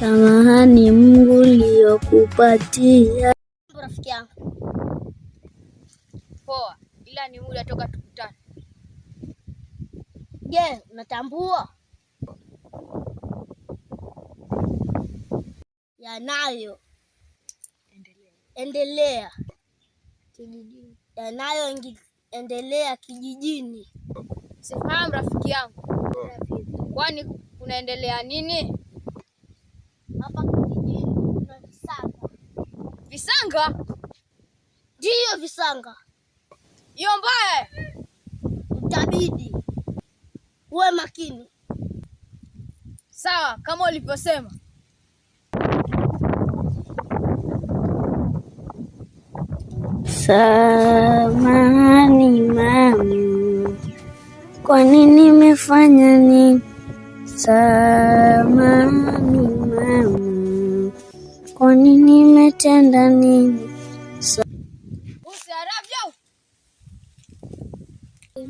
Samahani Mungu niliyokupatia. Rafiki yangu poa, ila ni muda toka tukutane. Je, unatambua yanayo endelea, endelea kijijini, yanayoendelea kijijini? Sifahamu rafiki yangu, kwani kunaendelea nini? hapa kijijini kuna visanga. Visanga? Ndiyo, visanga. Hiyo mbaya, utabidi uwe makini. Sawa kama ulivyosema. Samani mami, kwa nini nimefanya nini? Samani Umetenda nini?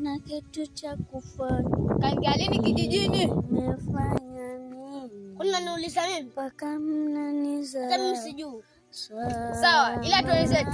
Na kitu cha kufanya. Kaingia lini kijijini? Umefanya nini? Kuna niuliza mimi Mpaka mnanizarau. Sawa, ila tueleze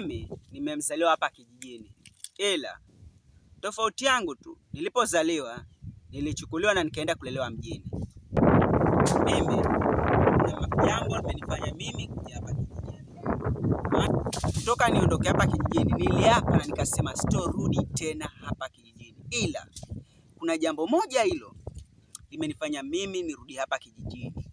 mimi nimemzaliwa hapa kijijini, ila tofauti yangu tu, nilipozaliwa nilichukuliwa na nikaenda kulelewa mjini. Mimi jambo limenifanya mimi kuja hapa kijijini. Kutoka niondoke hapa kijijini, niliapa na nikasema sitorudi tena hapa kijijini, ila kuna jambo moja hilo limenifanya mimi nirudi hapa kijijini.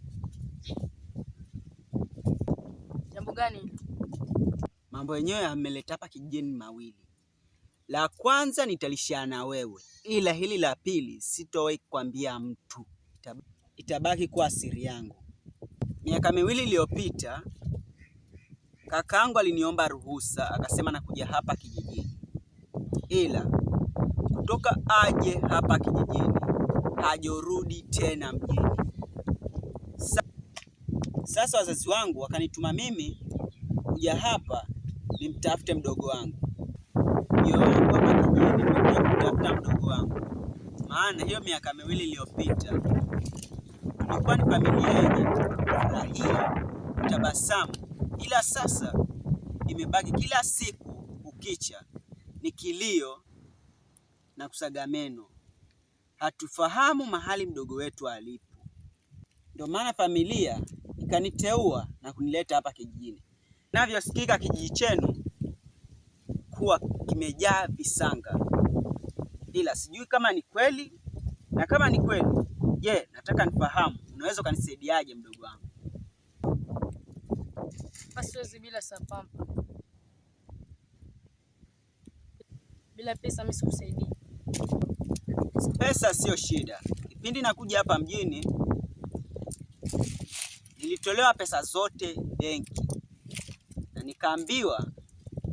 mambo yenyewe yameleta hapa kijijini mawili. La kwanza nitalishana na wewe, ila hili la pili sitowahi kukwambia mtu, itabaki kuwa siri yangu. Miaka miwili iliyopita kakangu aliniomba ruhusa, akasema nakuja hapa kijijini, ila kutoka aje hapa kijijini hajorudi tena mjini. Sasa wazazi wangu wakanituma mimi kuja hapa nimtafute mdogo wangu. Hiyo hapa kijijini nimekuja kumtafuta mdogo wangu, maana hiyo miaka miwili iliyopita tulikuwa ni familia yenye furahia tabasamu, ila sasa imebaki kila siku ukicha ni kilio na kusaga meno. Hatufahamu mahali mdogo wetu alipo, ndio maana familia ikaniteua na kunileta hapa kijijini navyosikika kijiji chenu kuwa kimejaa visanga, ila sijui kama ni kweli, na kama ni kweli, je, nataka nifahamu, unaweza ukanisaidiaje mdogo wangu? Siwezi bila sapampa, bila pesa mimi sikusaidii. Pesa sio shida. Kipindi nakuja hapa mjini nilitolewa pesa zote benki nikaambiwa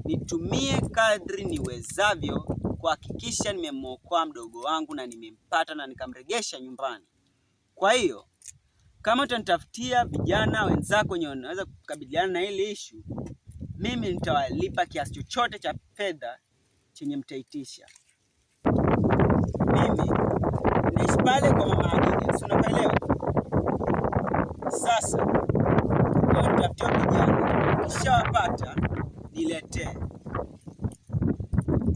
nitumie kadri niwezavyo kuhakikisha nimemwokoa mdogo wangu na nimempata na nikamregesha nyumbani. Kwa hiyo kama utanitafutia vijana wenzako wenye wanaweza kukabiliana na hili ishu, mimi nitawalipa kiasi chochote cha fedha chenye mtaitisha. Mimi naishi pale kwa mama Agidi, unaelewa? Sasa nitafutia vijana ukishawapata niletee,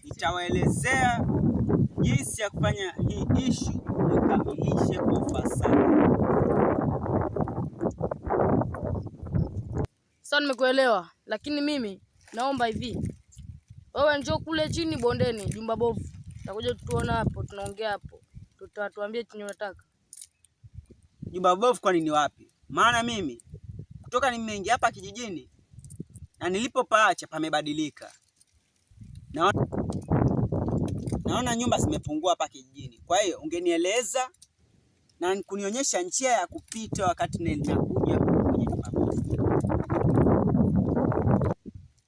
nitawaelezea jinsi ya kufanya hii ishu mkamilishe kwa ufasaha. Sasa nimekuelewa, lakini mimi naomba hivi, wewe njoo kule chini bondeni, jumba bovu, takuja tutuona hapo, tunaongea hapo, tutatuambia chenye unataka. Jumba bovu kwani ni wapi? Maana mimi kutoka nimeingia hapa kijijini na nilipopaacha pamebadilika. Naona, naona nyumba zimepungua hapa kijijini. Kwa hiyo ungenieleza na kunionyesha njia ya kupita wakati ninakuja kwenye nyumba.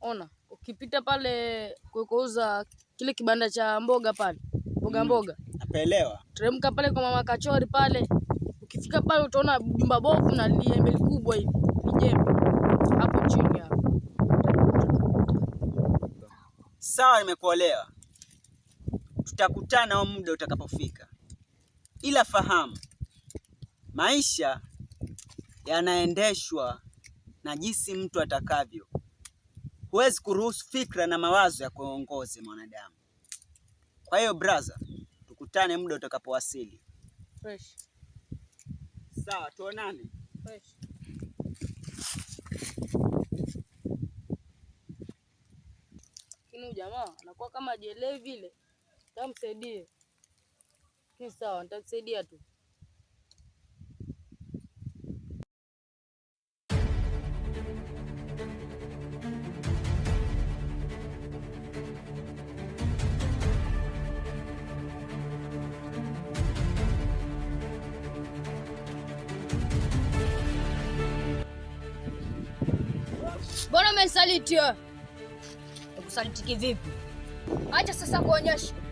Ona, ukipita pale kukouza kile kibanda cha mboga pale mboga mm, mboga, napelewa Teremka pale kwa mama Kachori pale, ukifika pale utaona jumba bovu na liembe kubwa hivi sawa, nimekuolewa, tutakutana au muda utakapofika, ila fahamu maisha yanaendeshwa na jinsi mtu atakavyo. Huwezi kuruhusu fikra na mawazo ya kuongoze mwanadamu. Kwa hiyo brother, tukutane muda utakapowasili. Fresh. Sawa, tuonane. Fresh. huyu jamaa anakuwa kama jelee vile, tamsaidie ni sawa, nitakusaidia tu. Mbona umesaliti wewe? usanitiki vipi? Acha sasa kuonyesha